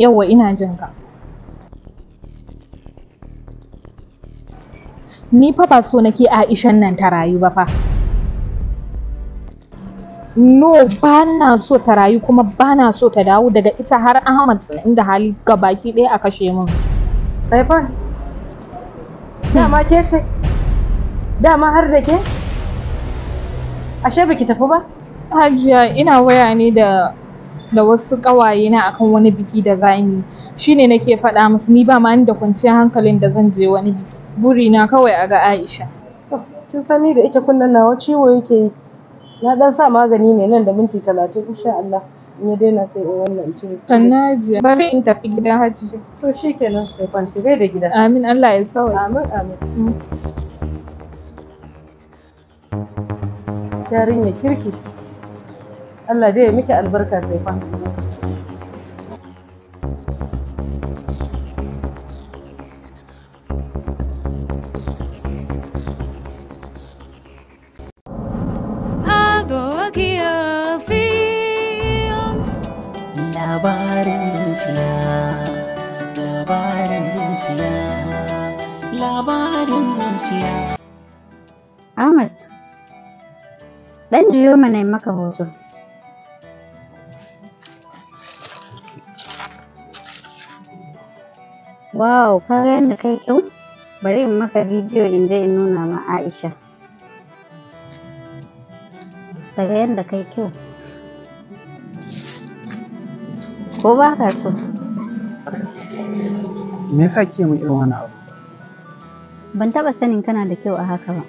yauwa ina jin ka. Ni fa ba so nake Aishan nan ta rayu ba fa. No ba na so ta rayu kuma ba na so ta dawo daga ita har Ahmad inda hali baki ɗaya a kashe min. Saifan, dama ke ce? Dama har da ke? Ashe baki tafi ba? Hajiya ina waya ne da da wasu ƙawaye na akan wani biki da za mu yi shine nake faɗa musu ni ba ma ni da kwanciyar hankalin da zan je wani biki buri na kawai a ga Aisha kin san ni da ita kunnen nawa ciwo yake yi na dan sa magani ne nan da minti talatin insha Allah in ya daina sai in wannan cire sannan bari in tafi gidan hajji to shikenan sai kwanti da gida amin Allah ya sawa amin amin mm. yarinya kirki Allah dai ya miki albarka sai fa Labarin labarin labarin Ahmad, ɗan juyo mana maka hoto. Wow, ka ga yadda kai kyau? Bari in maka bidiyo in je in nuna ma Aisha. Ka yadda kai kyau. Ko ba ka so? Me yasa ke min irin wani abu? Ban taɓa sanin kana da kyau a haka ba.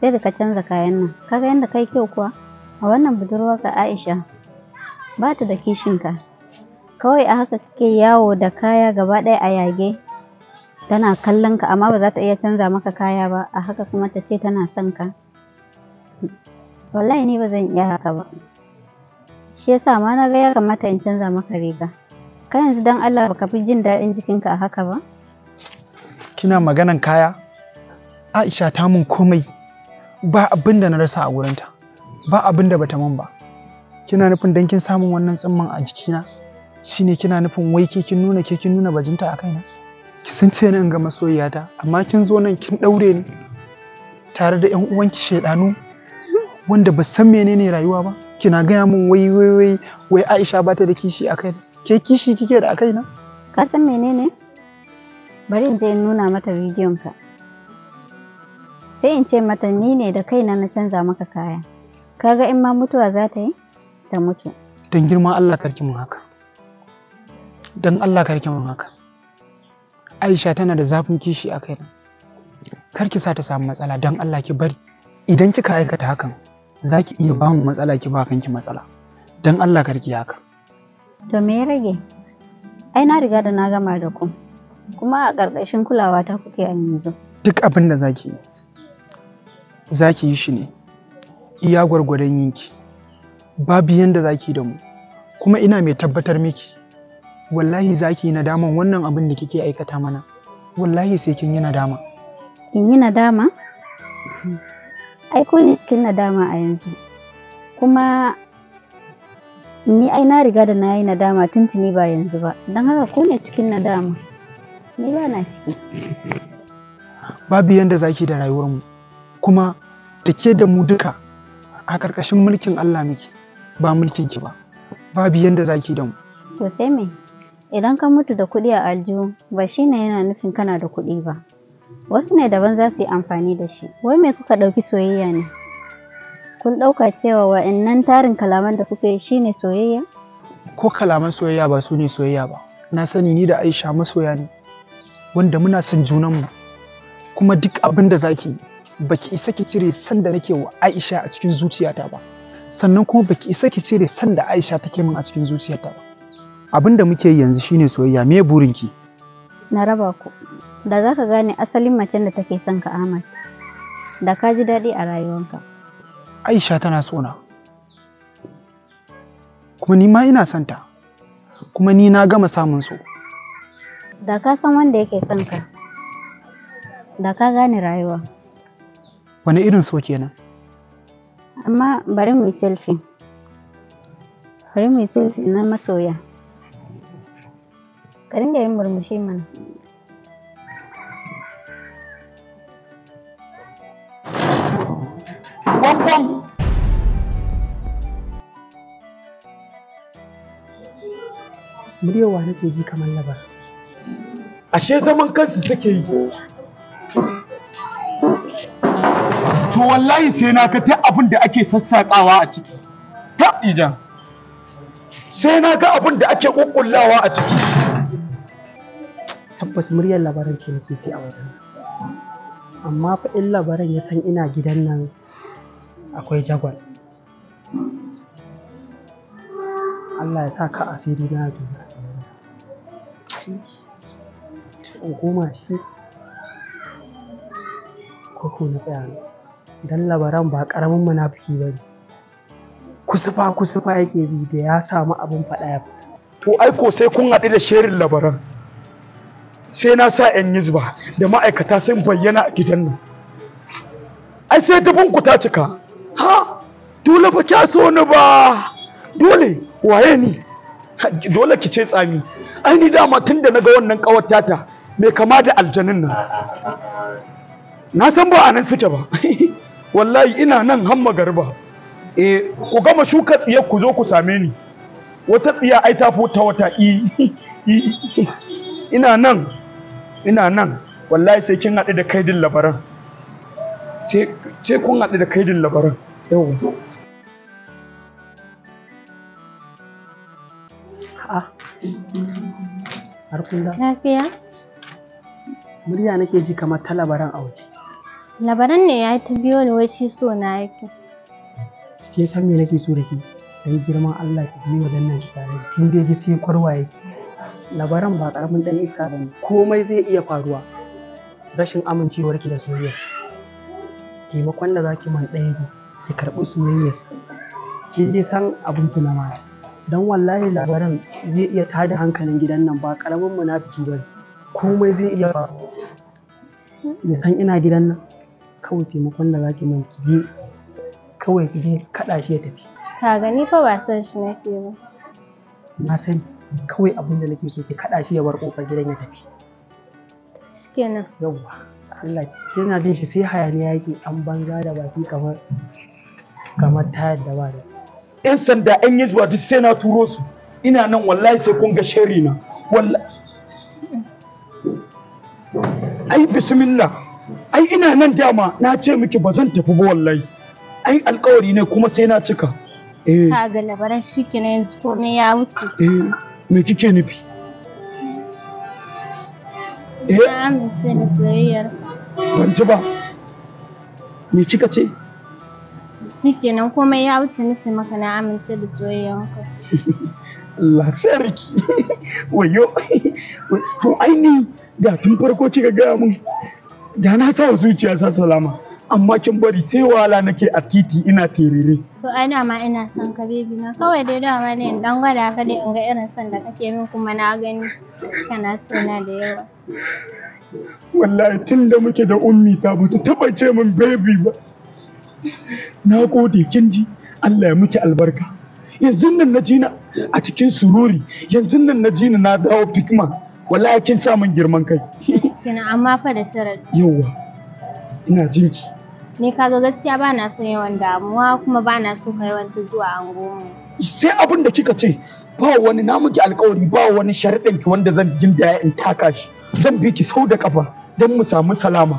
Sai da ka canza kayan nan. Ka ga yadda kai kyau kuwa? A wannan budurwarka Aisha ba ta da kishinka. kawai a haka kake yawo da kaya gaba ɗaya a yage tana kallon ka amma ba za ta iya canza maka kaya ba a haka kuma ta ce tana son ka wallahi ni ba zan iya haka ba shi yasa ma na ga ya kamata in canza maka riga ka yanzu dan Allah baka fi jin daɗin jikinka a haka ba kina maganan kaya Aisha ta mun komai ba abin da na rasa a gurinta ba abin da bata mun ba kina nufin dan kin samun wannan tsimman a jikina shine kina nufin wai ke kin nuna ke kin nuna bajinta a kaina ki san ce nan ga masoyiyata amma kin zo nan kin daure ni tare da yan ki shedanu wanda ba san menene rayuwa ba kina gaya min wai wai wai wai Aisha ba ta da kishi a kaina ke kishi kike da a kaina ka san menene bari in je in nuna mata bidiyon ka sai in ce mata ni ne da kaina na canza maka kaya kaga in ma mutuwa za ta yi ta mutu don girman Allah karki mun haka don Allah karki mun haka Aisha tana da zafin kishi a kai karki sa ta samu matsala don Allah ki bari idan kika aikata hakan za ki iya bamu matsala ki ba kanki matsala don Allah karki haka to me rage ai na riga da na gama da ku kuma a ƙarƙashin kulawa ta kuke a yanzu duk abin da zaki yi zaki yi shi ne iya gwargwadon yinki babu yanda zaki da mu kuma ina mai tabbatar miki wallahi za ki yi nadaman wannan abin da kike aikata mana wallahi sai kin yi nadama in yi nadama ai ko ne cikin nadama a yanzu kuma ni ai na riga da na yi nadama tuntuni ba yanzu ba don haka ko ne cikin nadama ni ba na ciki babu yanda zaki da rayuwarmu kuma da ke da mu duka a ƙarƙashin mulkin Allah muke ba mulkin ki ba babu yanda zaki da mu to sai me idan ka mutu da kuɗi a aljihu ba shi ne yana nufin kana da kuɗi ba wasu ne daban za su yi amfani da shi wai me kuka ɗauki soyayya ne kun ɗauka cewa wa'annan tarin kalaman da kuka yi shi ne soyayya ko kalaman soyayya ba su ne soyayya ba na sani ni da aisha masoya ne wanda muna son junanmu kuma duk abin da zaki baki isa ki cire sanda nake wa aisha a cikin zuciyata ba sannan kuma baki isa ki cire sanda aisha take min a cikin zuciyata ba abin da muke yanzu shine soyayya me burinki na raba ku da za ka gane asalin macen da take son ka Ahmad da ka ji daɗi a rayuwanka Aisha tana sona kuma ni ma ina santa kuma ni na gama samun so da ka san wanda yake son ka da ka gane rayuwa wani irin so kenan amma bari mu yi selfie bari mu yi selfie na masoya ka dinga yin murmushi mana muryowa nake ji kamar labar. Ashe zaman kansu suke yi. To wallahi sai na ga ta abin da ake sassaƙawa a ciki. Ta ijan. Sai na ga abin da ake ƙuƙƙullawa a ciki. tabbas muryar labaran ce nake ci a wajen amma fa in labaran ya san ina gidan nan akwai jagwal Allah ya sa ka asiri na duniya in goma shi ko na tsaya dan labaran ba karamin munafiki ba ne kusufa kusufa yake bi da ya samu abin faɗa ya to ai sai kun haɗu da sherin labaran sai na sa 'yan yizba da ma'aikata sun bayyana a gidan nan ai sai dafin ku ta cika ha dole ba kya so ni ba dole waye ni dole ki ce tsami ai ni dama tun da naga wannan kawar tata mai kama da aljanin nan na san ba anan suke ba wallahi ina nan hamma garba eh ku gama shuka tsiyar ku zo ku same ni wata tsiya ai ta ta wata i ina nan ina nan wallahi sai kin haɗu da kaidin labaran sai kun haɗu da kaidin labaran yau Lafiya? Murya nake ji kamar ta labaran a waje. Labaran ne ya ta biyo ni wai shi so na yake. Ke san me nake so da ke? Da girman Allah ki biyo wajen nan ki sare. Kin dai ji sai kwarwa yake. labaran ba karamin dan iska ba ne komai zai iya faruwa rashin amincewarki da soyayya. taimakon da zaki man ɗaya ne ki karɓi soyayya ki ji san abin ki na mata dan wallahi labaran zai iya tada hankalin gidan nan ba karamin munafiki ba komai zai iya faruwa ya san ina gidan nan kawai taimakon da zaki man ki je kawai ki je kaɗa shi ya tafi kaga ni fa ba san shi nake ba na sani kawai abinda nake so ki kada shi ya bar kofar gidan ya tafi shikenan yawa Allah yana jin shi sai hayaniya yake an banza da baki kamar kamar tayar da ba da yan sanda an yi zuwa duk sai na turo su ina nan wallahi sai kun ga sharri na wallahi ai bismillah ai ina nan dama na ce miki ba zan tafi ba wallahi ai alkawari ne kuma sai na cika eh ka ga labaran shi kenan yanzu komai ya wuce eh me kike nufi eh amince ban ci ba me kika ce shikenan komai ya wuce nufin maka na amince da soyayyar ka Allah sarki wayo to aini da tun farko kika gaya mun da na sa zuciya sa salama amma kin bari sai wala nake a titi ina terere. To ai dama ina son ka bebi na kawai dai dama ne in dan gwada ka dai in ga irin son da kake min kuma na gani kana sona da yawa. Wallahi tun da muke da ummi ta ba ta taba ce min bebi ba. Na gode kin ji Allah ya miki albarka. Yanzu nan na jina a cikin sururi yanzu nan na jina na dawo fikma wallahi kin sa min girman kai. Kina amma fa da sharadi. Yawwa ina jinki. ni kaga gaskiya ba na son yawan damuwa kuma ba na so ka yawanta zuwa goma. sai abin da kika ce ba wani namuki alkawari ba wani sharaɗin ki wanda zan da in taka shi zan bi ki sau da kafa don mu samu salama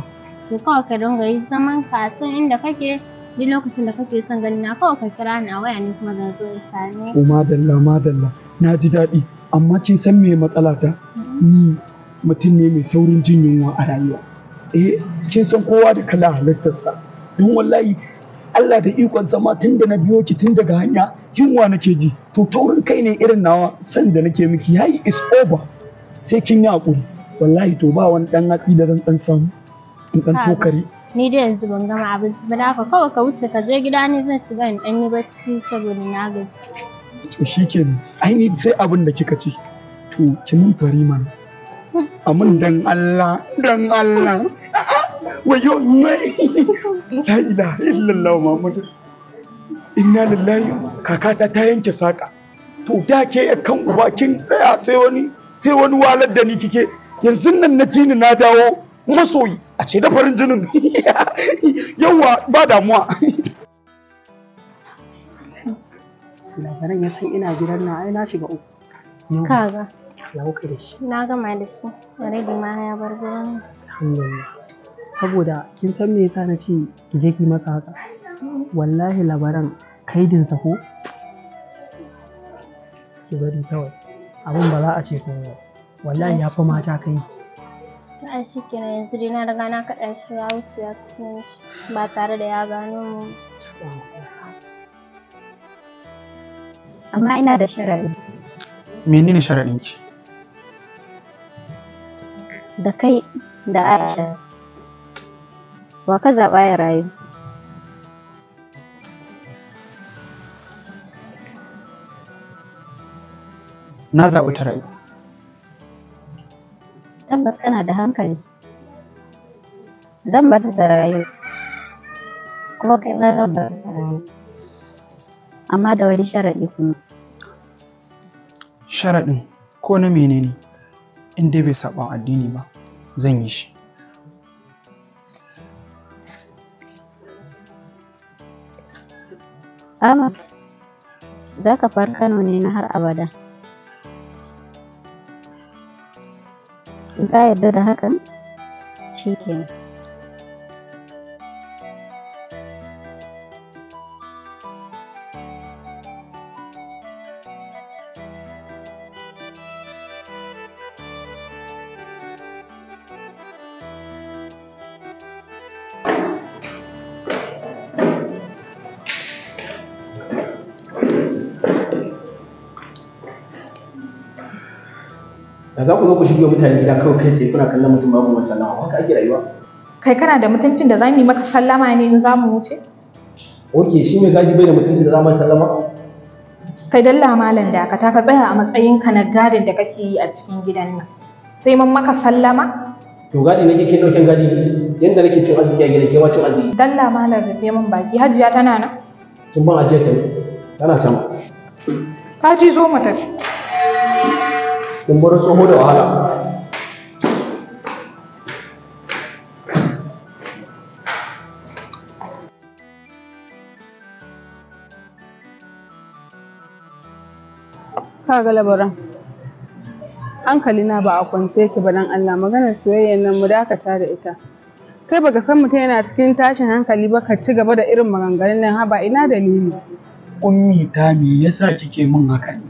to kawai ka dinga yi zaman ka san inda kake duk lokacin da kake son gani na kawai ka kira ni a waya ni kuma zan zo in same ko oh, madalla madalla na ji daɗi amma kin san me matsala ta mm-hmm. ni mutum ne mai saurin jin yunwa a rayuwa eh kin san kowa da kala halittarsa don wallahi Allah da ikon sama tun da na biyo ki tun daga hanya yunwa nake ji to taurin kai ne irin nawa san da nake miki yayi is over sai kin yi hakuri wallahi to ba wani dan hatsi da zan dan samu in dan tokari ni dai yanzu ban gama abinci ba haka kawai ka wuce ka je gida ni zan shiga in dan yi bacci saboda na gaji to shikenan ai ni sai abin da kika ci to ki mun fari mana amin dan Allah dan Allah wayo mai la ilaha illallah muhammadu inna lillahi kakata ta yanke saka to da ke kan uba kin tsaya sai wani sai wani walar da ni kike yanzu nan na ji ni na dawo masoyi a ce da farin jinin yawa ba damuwa labaran ya san ina gidan na ai na shiga uku kaga ya wuka da shi na gama da shi ma ya bar gurin alhamdulillah saboda kin san me yasa na ce ki je ki masa haka wallahi labaran kaidin sa ko ki bari kawai abin ba za a ce ko wallahi ya fi mata kai ai shi kenan yanzu dai na riga na kaɗa shi ya wuce ya shi ba tare da ya gano mu amma ina da sharaɗi menene sharaɗin ki da kai da aisha Wa ka zaɓa ya rayu? Na zaɓi ta rayu. Tabbas kana da hankali. Zan bata ta rayu. Kuma kai na zan bata ta rayu. Amma da wani sharaɗi kuma. Sharaɗin ko na menene in dai bai saɓon addini ba zan yi shi. Ahmad, za ka far Kano ne na har abada. Ka yarda da hakan? Shi kenan. za ku zo ku shirya mutane gida kawai kai sai kuna kallon mutum babu mai sallama haka ake rayuwa kai kana da mutuncin da zamu yi maka sallama ne in za mu wuce oke shi mai gadi bai da mutuncin da zamu sallama kai dalla malam da ka taka tsaya a matsayin ka na gadin da kake yi a cikin gidan nan sai mun maka sallama to gadi nake ke dauken gadi yanda nake cin arziki a gidan ke ma cin arziki dalla malam rufe min baki hajiya tana nan tun ban ajiyar ta tana sama ka ji zo mu tafi kumburin tsoho da wahala ga labaran hankali na ba a kwance ki ba dan Allah maganar soyayyar nan mu dakata da ita kai baka san mutum yana cikin tashin hankali ba ka ci gaba da irin maganganun nan Ba ina dalili ummi ta me yasa kike min haka ne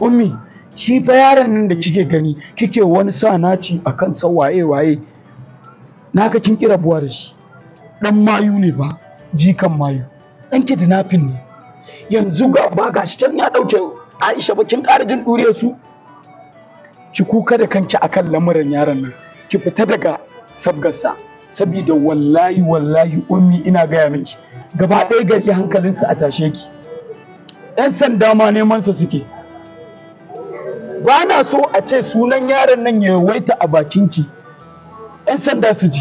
ummi shi fa yaron nan da kike gani kike wani sa naci akan sa waye waye naga kin kira buwa da shi dan mayu ne ba jikan mayu dan nafin ne yanzu ga ba gashi can ya dauke Aisha ba kin ƙara jin dure su ki kuka da kanki akan lamuran yaron nan ki fita daga sabgarsa saboda wallahi wallahi ummi ina gaya miki gaba ɗaya gari hankalinsa a tashe ki ɗan sanda ma neman sa suke ba na so a ce sunan yaron nan ya yawaita a bakinki 'yan sanda su ji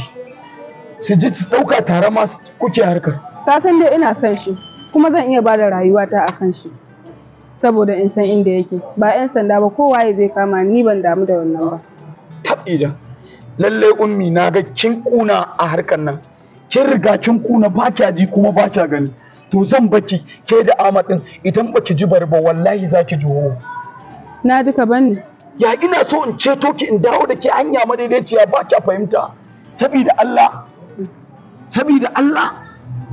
su ji su ɗauka tare ma kuke harkar Ta san dai ina son shi kuma zan iya bada rayuwata a kan shi saboda in san inda yake ba 'yan sanda ba kowa ya zai kama ni ban damu da wannan ba tabida lallai ummi na ga kin kuna a harkar nan kin riga kin kuna ba kya ji kuma ba kya gani to zan baki ke da amadin idan baki ji barba wallahi zaki juho na duka bane ya ina so in ceto ki in dawo da ke hanya madaidaiciya ba kya fahimta saboda Allah saboda Allah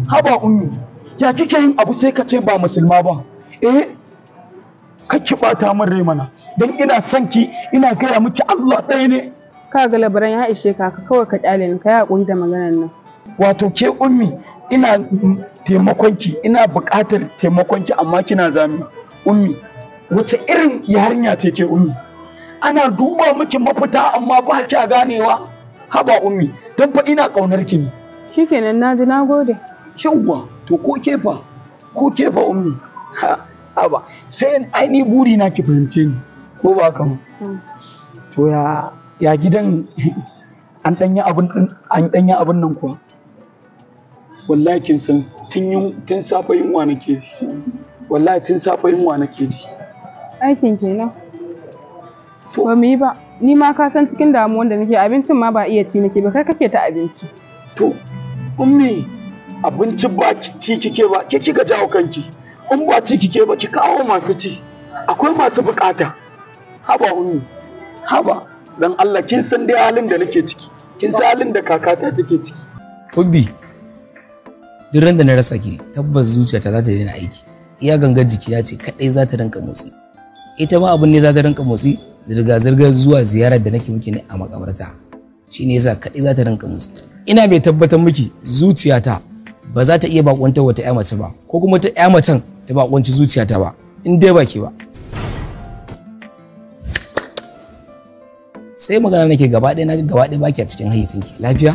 haba ummi ya kike yin abu sai ka ce ba musulma ba eh ki bata min rai mana dan ina son ki ina gaya miki Allah ɗaya ne ka ga labaran ya ishe ka ka kawai ka kyale ni ka yi hakuri da maganar nan wato ke ummi ina taimakon ki ina buƙatar taimakon ki amma kina zami ummi wace irin yarinya ce ke ummi ana duba miki mafita amma ba kya ganewa haba ummi don fa ina kaunar ki ne shikenan naji nagode yawwa to ko kefa ko kefa ummi ha haba sai aini buri na ki fahimce ni ko ba ka hmm. to ya ya gidan an danya abin an danya abin nan kuwa wallahi kin san tun yin wa nake ji wallahi tun safe yunwa nake ji Aikin kenan. Ba mu yi ba. Ni ma ka san cikin damuwan da nake abincin ma ba iya ci nake ba kai kake ta abinci. To, ummi abinci ba ci kike ba ke kika jawo kanki. In ba ci kike ba ki kawo masu ci. Akwai masu bukata. Haba ummi. Haba dan Allah kin san dai halin da nake ciki. Kin san halin da kakata take ciki. Hubbi, duk da na rasa ke tabbas zuciyata za ta daina aiki iya gangar jikina ce kadai za ta rinka motsi ita ma abin ne za ta rinka motsi zirga-zirgar zuwa ziyarar da nake muke ne a makabarta shi ne yasa kaɗai za ta rinka motsi ina mai tabbatar miki zuciyata ba za ta iya bakwanta wata ƴa mace ba ko kuma ta ƴa macen ta bakwanci zuciyata ba in dai ba ke ba sai magana nake gaba ɗaya na gaba ɗaya baki a cikin hayyacinki lafiya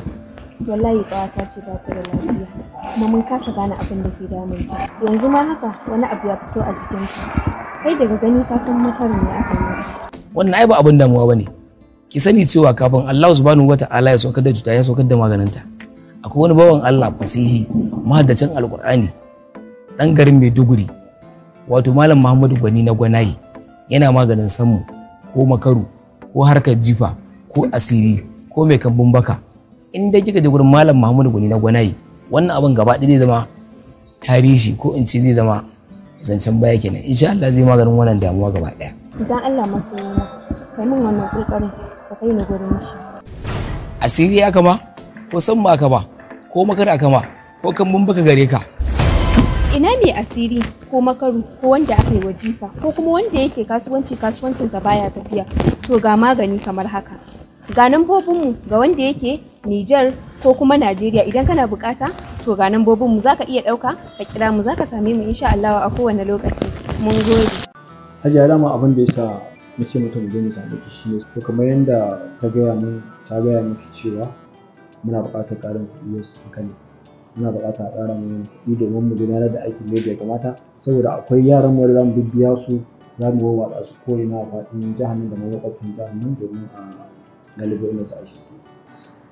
wallahi ta ce ba ta da lafiya kuma mun kasa gane abin da ke damun yanzu ma haka wani abu ya fito a jikinta kai daga gani ka san makarin ne aka yi wannan ai ba abin damuwa bane ki sani cewa kafin Allah subhanahu wata'ala ya saukar da cuta ya saukar da maganinta akwai wani bawan Allah fasihi mahaddacin alkur'ani dan garin Maiduguri wato malam Muhammadu Gwani na Gwanayi yana maganin samu ko makaru ko harkar jifa ko asiri ko mai kambun baka in dai kika je gurin malam Muhammadu Gwani na Gwanayi wannan abin gaba ɗaya zai zama tarihi ko in ce zai zama zancen baya kenan insha Allah zai maganin wannan damuwa gaba daya dan Allah masoyina kai min wannan kulkarin ka kai ni gurin shi asiri aka ma ko san ma aka ma ko makar aka ma ko kan mun baka gare ka ina mai asiri ko makaru ko wanda aka yi wajifa ko kuma wanda yake kasuwanci kasuwancin sa baya tafiya to ga magani kamar haka ga nan mu ga wanda yake niger ko kuma Najeriya idan kana bukata to ga nambobin mu zaka iya ɗauka ka kira mu zaka same mu insha Allah a kowane lokaci mun gode Hajiya dama abin da yasa mace mutum mu je mu same ki shi to kamar yanda ta gaya mu ta gaya miki cewa muna buƙatar ƙarin kuɗi yes kan muna buƙatar ƙara mana kuɗi domin mu gudanar da aikin da ya kamata saboda akwai yaran mu da zamu bibbiya su za mu wawwatsa su ko ina a faɗin jihar nan da mawaƙafin jihar nan domin a galibar masu shi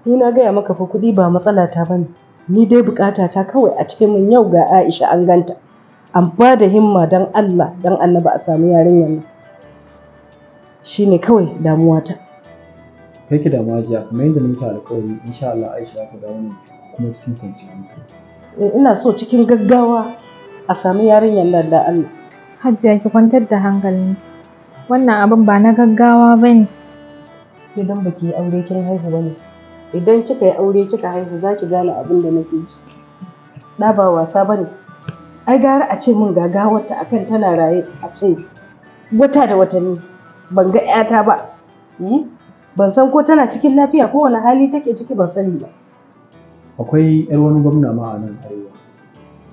Ni na gaya maka fa kuɗi ba matsala ta bane. ni dai bukata ta kawai a cikin mun yau ga Aisha an ganta an ba da himma don Allah don annaba a samu yarinyar nan shine kawai damuwa ta kai ki damuwa jiya kuma yadda muke alƙawari insha Allah Aisha ta dawo ne kuma cikin kwanciyar hankali eh, ina so cikin gaggawa a samu yarinyar nan da Allah Hajiya ki kwantar da hankalin wannan abin ba na gaggawa bane idan baki aure kin haihu bane idan kika yi aure kika haihu za ki gane abin da nake ji da ba wasa ba ne ai gara a ce min gaga wata akan tana raye a ce wata da watanni ban ga 'yata ba hmm? ban san ko tana cikin lafiya ko wani hali take ciki ban sani ba akwai yar wani gwamna ma a nan arewa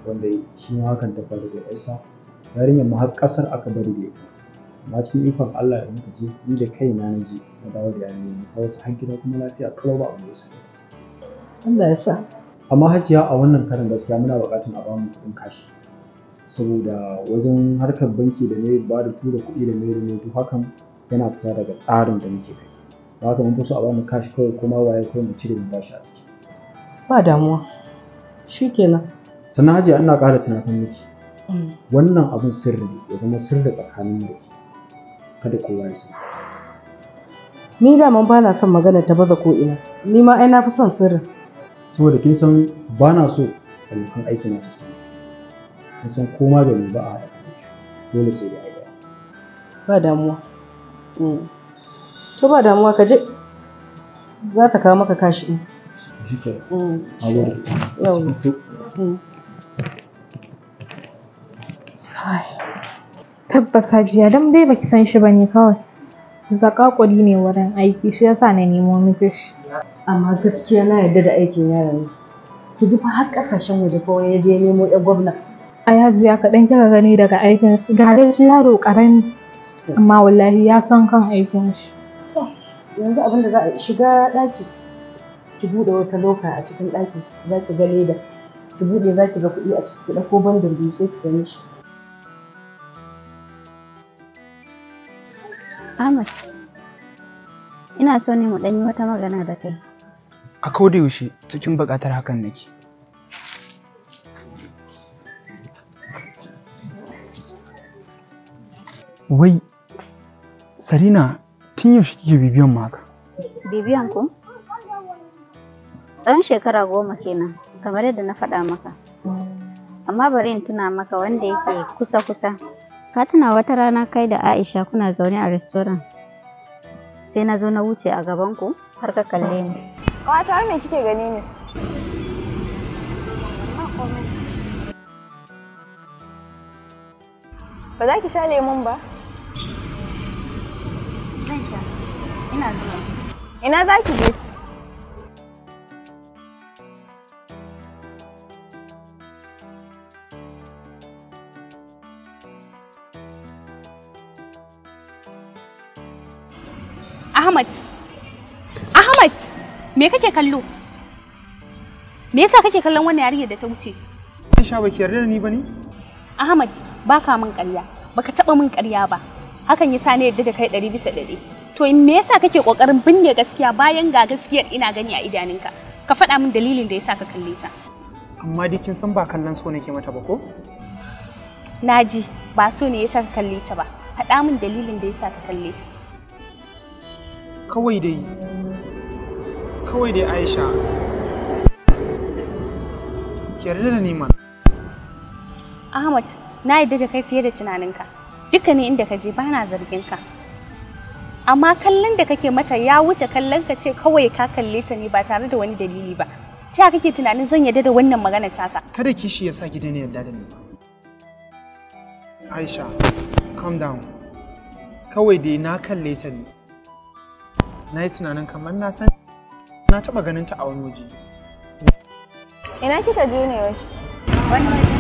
wanda shi ma hakan ta faru da 'yarsa, yarinyar ma har kasar aka bari da ita amma cikin ikon Allah ya muka ji ni da kai na naji na dawo da yanayi na kawo har gida kuma lafiya kalau ba abu yasa Allah ya sa amma hajiya a wannan karin gaskiya muna buƙatar a bamu kuɗin kashi saboda wajen harkar banki da ne ba da tura kuɗi da mai rubutu hakan yana fita daga tsarin da muke kai Ba haka mun fi a bamu kashi kawai kuma waye kawai mu cire mu bashi a ciki ba damuwa Shi shikenan sannan hajiya ina ƙara tunatar miki mm. wannan abin sirri ya zama sirri tsakanin mu kada kowa ya san ni da ba na son magana ta baza ko ina ni ma ai na fi son sirrin saboda kin san ba na so abokan aiki na su sani kin san ma da ba a dole sai da aida ba damuwa mm. to ba damuwa ka je za ta kawo maka kashi ɗin Jika, Tabbas Hajiya don dai baki san shi bane kawai. Zakakuri ne wurin aiki shi yasa na nemo miki shi. Amma gaskiya na yarda da aikin yaran ne. Ki ji fa har kasashen waje fa ya je nemo ya gwamna. Ai ya kaɗan kika gani daga aikin shi ga dai shi yaro ƙarami. Amma wallahi ya san kan aikin shi. Yanzu abinda za a shiga daki, ki buɗe wata loka a cikin daki za ki ga leda ki buɗe za ki ga kuɗi a ciki ki ɗauko bandin biyu sai ki gani shi. Ahmad, ina so ne mu ɗan yi wata magana da kai. A koda yaushe cikin buƙatar hakan nake. Wai, Sarina, tun yaushe kike bibiyan mu haka? Bibiyan ku? Dan shekara goma kenan, kamar yadda na faɗa maka. Amma bari in tuna maka wanda yake kusa-kusa ka tuna wata rana kai da aisha kuna zaune a restoran sai na zo na wuce a gaban ku har ka kalle ni wata me kike gani ne ba za ki sha lemun ba zan sha ina zuwa ina za ki je me kake kallo me yasa kake kallon wannan yarinyar da ta wuce Aisha baki yarda da ni bane Ahmad baka min ƙarya baka taba min ƙarya ba hakan yasa ne yadda da kai ɗari bisa ɗari to me yasa kake kokarin binne gaskiya bayan ga gaskiyar ina gani a idanunka ka faɗa min dalilin da yasa ka kalle ta amma dai kin san ba kallon so nake mata ba ko naji ba so ne yasa ka kalle ta ba faɗa min dalilin da yasa ka kalle ta kawai dai kawai dai aisha ke yarda da niman. ahmad na yarda da kai fiye da tunaninka ne inda ka je bana zargin ka amma kallon da kake mata ya wuce kallon ka ce kawai ka kalle ta ne ba tare da wani dalili ba ta kake tunanin zan yarda da wannan magana taka kada kishi ya sa ki daina yarda da ni aisha calm down kawai dai na kalle ta ne na yi tunanin kamar na san na taba ganin ta a wani waje ina kika je ne wai wani waje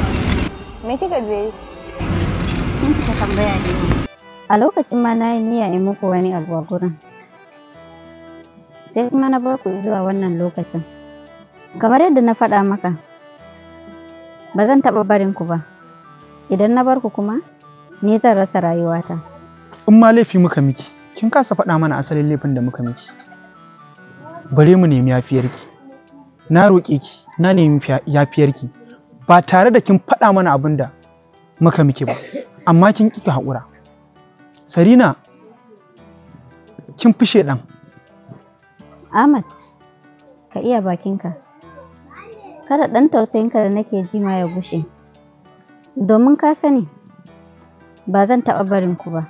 me kika je yi kin cika tambaya ne a lokacin ma na yi niyya in muku wani abu a gurin sai kuma na bar ku zuwa wannan lokacin kamar yadda na faɗa maka ba zan taɓa barin ku ba idan na bar ku kuma ni zan rasa rayuwata in ma laifi muka miki kin kasa faɗa mana asalin laifin da muka miki bare mu nemi yafiyarki na roƙe ki na nemi yafiyarki ba tare da kin faɗa mana abin da muka miki ba amma kin kika haƙura sarina kin fishe ɗan ahmad ka iya bakinka kada ɗan tausayinka da nake ji ma ya gushe domin ka sani ba zan taɓa barinku ba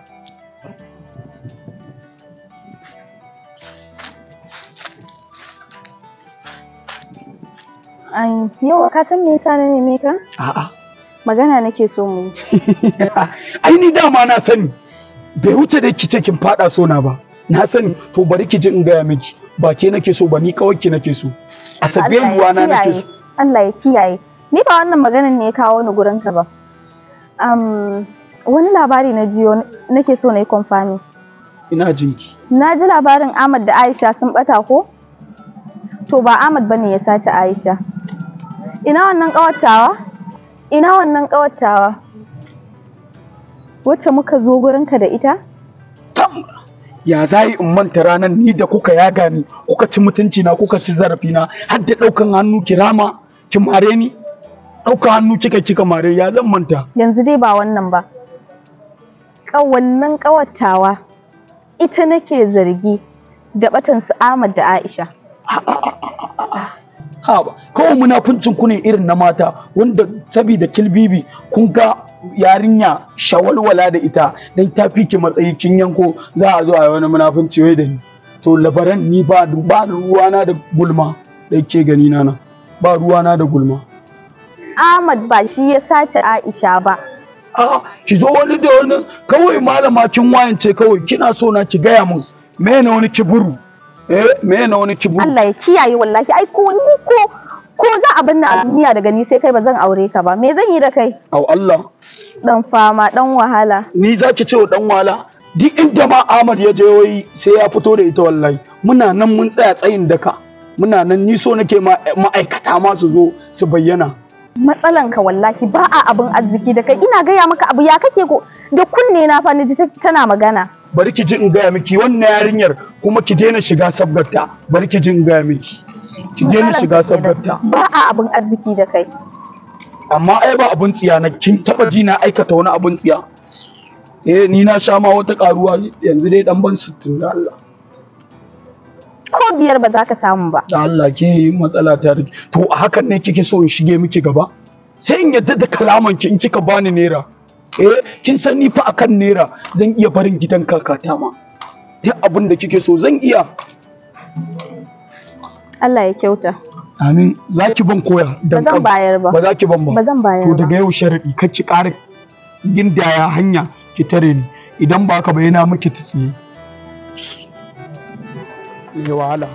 Yau, ka san me yasa na neme ka? A'a. Magana nake so mu. Ai ni dama na sani. Bai wuce da kice kin fada so na ba. Na sani to bari ki ji in gaya miki. Ba ke nake so ba ni kawai ki nake so. A sabbin na nake so. Allah ya kiyaye. Ni ba wannan maganar ne ya kawo ni gurin ka ba. Um, wani labari na jiyo nake so na yi kwamfani. Ina jinki. Na ji labarin Ahmad da Aisha sun bata ko? to ba Ahmad bane ya sace Aisha ina wannan kawatawa? ina wannan kawatawa? wacce muka zo gurinka da ita ya za in manta ranar ni da kuka ya ni kuka ci mutunci na kuka ci zarafi na har da ɗaukan hannu kirama ki mare ni ɗaukan hannu kika kika mare ya zan manta yanzu dai ba wannan ba wannan ƙawatawa ita nake zargi da batan su Ahmad da Aisha. haba kawai munafuncin ku ne irin na mata wanda saboda kilbibi kun ga yarinya shawalwala da ita dan ta fike matsayi kin yanko za a zo a wani munafunci wai da ni to labaran ni ba ba ruwana da gulma da ke gani na nan ba ruwana da gulma Ahmad ba shi ya sace Aisha ba a ki zo wani da wani kawai malama kin wayance kawai kina so na ki gaya mun ne wani kiburu eh me na wani kibu Allah ya kiyaye wallahi ai ko ni ko ko za a binne a duniya daga ni sai kai ba zan aure ka ba me zan yi da kai au Allah dan fama dan wahala ni zaki ce dan wahala duk inda ma Ahmad ya je wai sai ya fito da ita wallahi muna nan mun tsaya tsayin daka muna nan ni so nake ma'aikata ma su zo su bayyana matsalan ka wallahi ba a abin arziki da kai ina gaya maka abu ya kake ko da kunne na fa ni tana magana bari ki ji in gaya miki wannan yarinyar kuma ki daina shiga sabgarta bari ki ji in gaya miki ki daina shiga sabgarta ba a abin arziki da kai amma ai ba abin tsiya na kin taba ji na aikata wani abin tsiya eh ni na sha ma wata karuwa yanzu dai dan ban sittin da Allah ko biyar ba za ka samu ba da Allah ke matsala ta to a hakan ne kike so in shige miki gaba sai in yadda da kalaman ki in kika bani naira eh kin san ni fa akan naira zan iya barin gidan kakata ma duk abin da kike so zan iya Allah ya kyauta amin za ki ban koya dan ba bayar ba ba za ki ban ba ba zan bayar to daga yau sharadi ka ci ƙara gindaya hanya ki tare ni idan ba ka bayyana miki tsiye ni wahala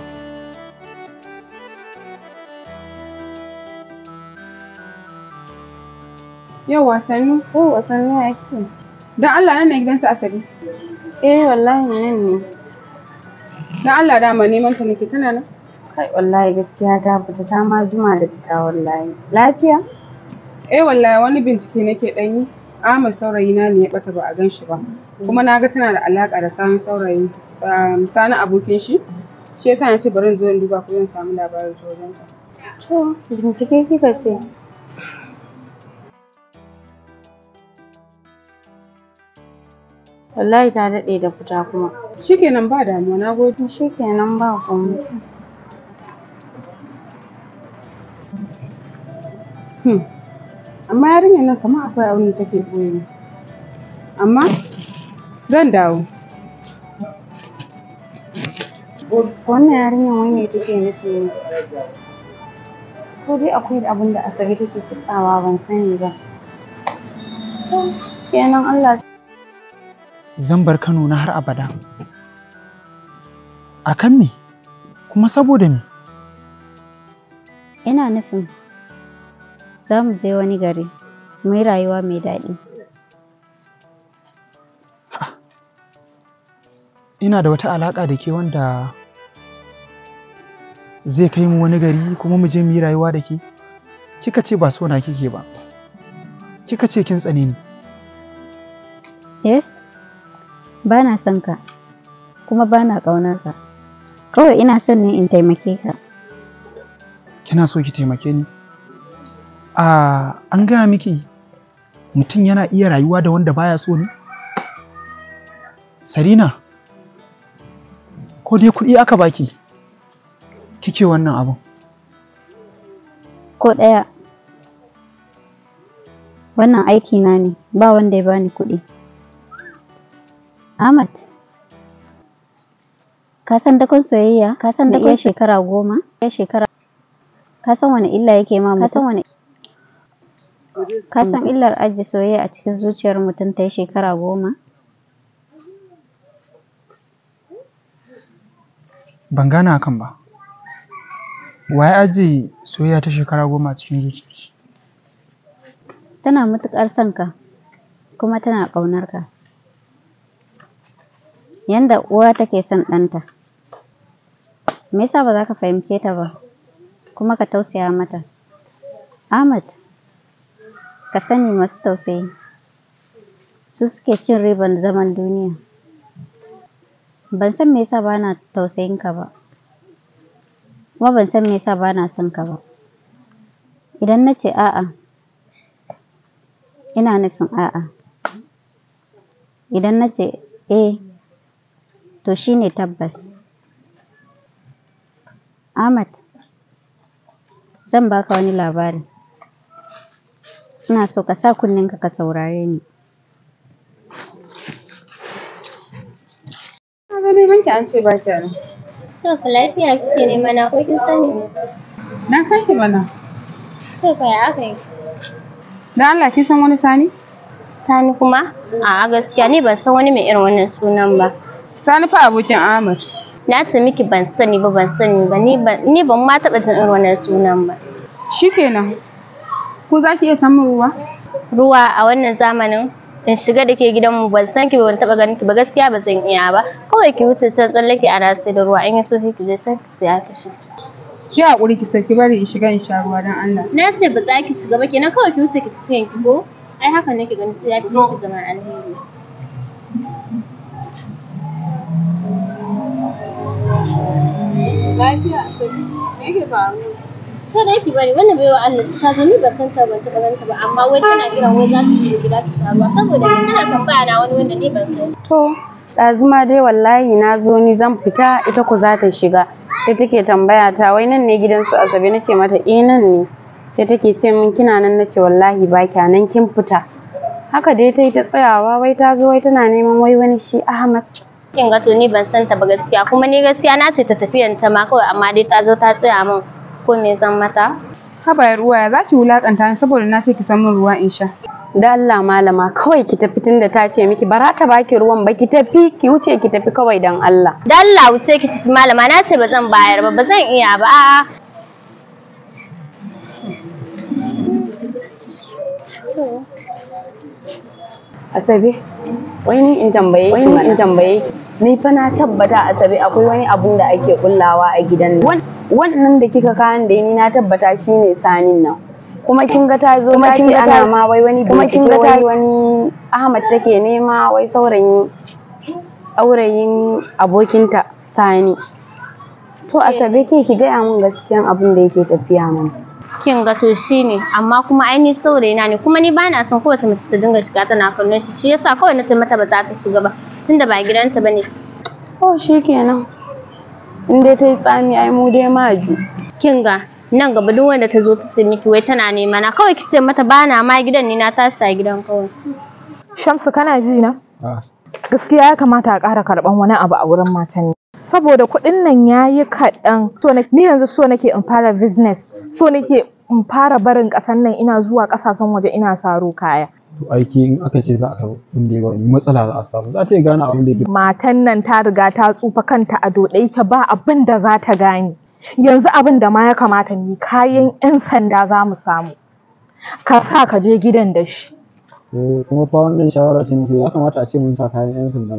Yau wasanni? Ko wasanni a kike? Don Allah nan ne gidansa Asabe. Eh wallahi nan ne. Don Allah dama neman ta nake kana nan? Kai wallahi gaskiya ta fita ta ma juma da fita wallahi. Lafiya? Eh wallahi wani bincike nake dan yi. Ahmad saurayi na ne ya bata ba a gan shi ba. Kuma na ga tana da alaka da sanin saurayi um, sani abokin shi. Shi yasa na ce bari in zo in duba ko zan samu labarin zuwa wajen To bincike kika ce? wallahi ta daɗe da fita kuma shikenan ba damuwa na gode shikenan ba komai hmm. amma yarinyar nan kamar akwai aure da take koyi amma zan dawo wannan yarinyar wani take nufi ko dai akwai abin da asabe take kitsawa ban sani ba kenan Allah zan bar Kano na har abada. A kan me? Kuma saboda me? Ina nufin za mu je wani gari mai rayuwa mai daɗi. Ina da wata alaƙa da ke wanda zai kai mu wani gari kuma mu je mu yi rayuwa da ke? Kika ce ba sona kike ba. Kika ce kin tsane ni. Yes. ba na son ka kuma ba na ƙaunar ka kawai ina son ne in taimake ka kina so ki taimake ni a an gaya miki mutum yana iya rayuwa da wanda baya so ne sarina ko dai kuɗi aka baki kike wannan abin ko ɗaya wannan aiki na ne ba wanda ya bani kuɗi Ahmad, ka san dakon soyayya? Ka san dakon shekara goma? Ya shekara. Ka san wani illa yake ma mutum? Ka san Ka san illar aji soyayya a cikin zuciyar mutum ta yi shekara goma? Ban gana hakan ba. Waye aji soyayya ta shekara goma a cikin zuciyar? Tana matuƙar son ka, kuma tana ƙaunar ka. yanda uwa take son ɗanta me yasa ba za ka fahimce ta ba kuma ka tausaya mata Ahmad ka sani masu tausayi su suke cin riban zaman duniya ban san me yasa na tausayin ka ba kuma ban san me yasa na son ka ba idan na ce a'a ina nufin a'a idan na ce eh to ne tabbas Ahmad zan baka wani labari ina so ka sa kunninka ka saurare ni Ka ga neman ki an ce ba ki nan so ku lafiya kike nema na ko kin sani ne na san ki mana so fa ya aka yi dan Allah kin san wani sani sani kuma 'a'a, gaskiya ni ban san wani mai irin wannan sunan ba Sani fa abokin Ahmad. Na ce miki ban sani ba ban sani ba ni ban ma taɓa jin irin wannan sunan ba. Shikenan. Ko za ki iya samun ruwa? Ruwa a wannan zamanin in shiga da ke gidanmu ban san ki ban taɓa ganin ki ba gaskiya ba zan iya ba. Kawai ki wuce can tsallake a rasi da ruwa in yi so ki je can ki siya ki shi. Ki haƙuri ki saki bari in shiga in sha ruwa don Allah. Na ce ba za ki shiga ba kenan kawai ki wuce ki tafi yanki ko? Ai haka nake gani sai ya fi zama alheri. Lafiya Asabe, me yake faruwa? Ta yake bane wannan baiwa Allah ta zo ni ban san ta ban taɓa ganta ba amma wai tana kiran wai za ta je gida ta taruwa saboda ni tana tambaya na wani wanda ne ban san shi. To ɗazuma dai wallahi na zo ni zan fita ita ku za ta shiga sai take tambaya ta wai nan ne gidan su Asabe nace mata eh nan ne sai take ce min kina nan nace wallahi ba kya nan kin fita haka dai ta yi ta tsayawa wai ta zo wai tana neman wai wani shi Ahmad kin ga to ni ban san ta ba gaskiya kuma ni gaskiya na ce ta tafiyan ta ma kawai amma dai ta zo ta tsaya min ko me zan mata haba ruwa ya zaki wulakanta ni saboda na ce ki san min ruwa in sha da Allah malama kawai ki tafi tunda ta ce miki bara ta baki ruwan ba ki tafi ki wuce ki tafi kawai dan Allah da Allah wuce ki tafi malama na ce ba zan bayar ba ba zan iya ba Asabe wai ni in tambaye wai ni in tambaye ni fa na tabbata a asabe akwai wani abun da ake kullawa a gidan nan wannan da kika kayan da ni na tabbata shine sanin nan kuma kin ga ta zo ta ce ana ma wai wani kuma kin ga ta wani Ahmad take nema wai saurayin saurayin abokinta Sani to asabe eh. ke ki gaya mun gaskiyan abun da yake tafiya mana kin ga to shine amma kuma ai ni saurayina ne kuma ni bana son kowace mace ta dinga shiga tana kallon shi shi yasa kawai nace mata ba za ta shiga ba tunda ba gidanta bane oh shikenan in dai ta yi tsami ai mu dai ma ji kin ga nan gaba duk wanda ta zo ta ce miki wai tana nema na kawai kice mata bana ma gidan ni na tashi a gidan kawai Shamsu kana ji na ah. gaskiya ya kamata a ƙara karɓan wani abu a wurin matan saboda kuɗin nan ya yi kaɗan so ni yanzu so nake in fara business so nake in fara barin ƙasar nan ina zuwa ƙasashen waje ina saro kaya to aiki in aka ce za a karɓi inda ya yi matsala za a samu za ta iya gane abin da ya matan nan ta riga ta tsufa kanta a doɗe ta ba abin da za ta gane yanzu abin da ma ya kamata ni kayan yan sanda za mu samu ka sa ka je gidan da shi eh, kuma fa wannan shawara ce ne, ya kamata a ce mun sa kayan yan sanda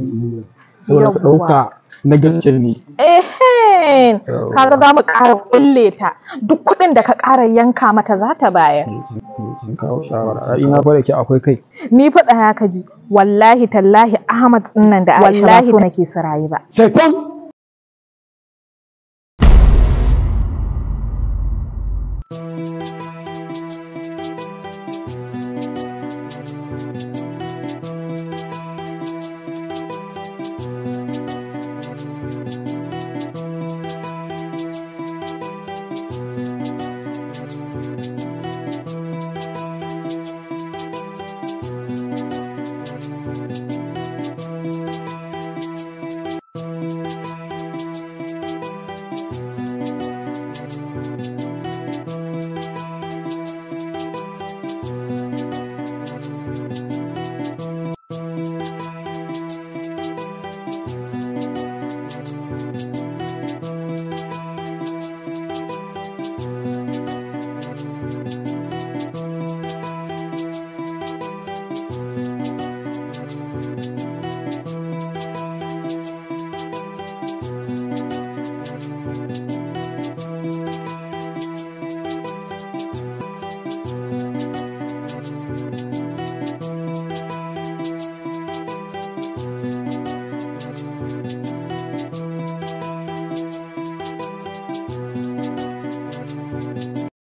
saboda ka ɗauka na gaske ne ehen kaga za mu ƙara kulle ta duk kuɗin da ka ƙara yanka mata za ta bayar kawo shawara ina ki akwai kai ni faɗa ya kaji wallahi tallahi Ahmad nan da Aisha ba su nake su rayu ba sai